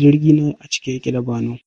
jirgi na a cike yake da bano.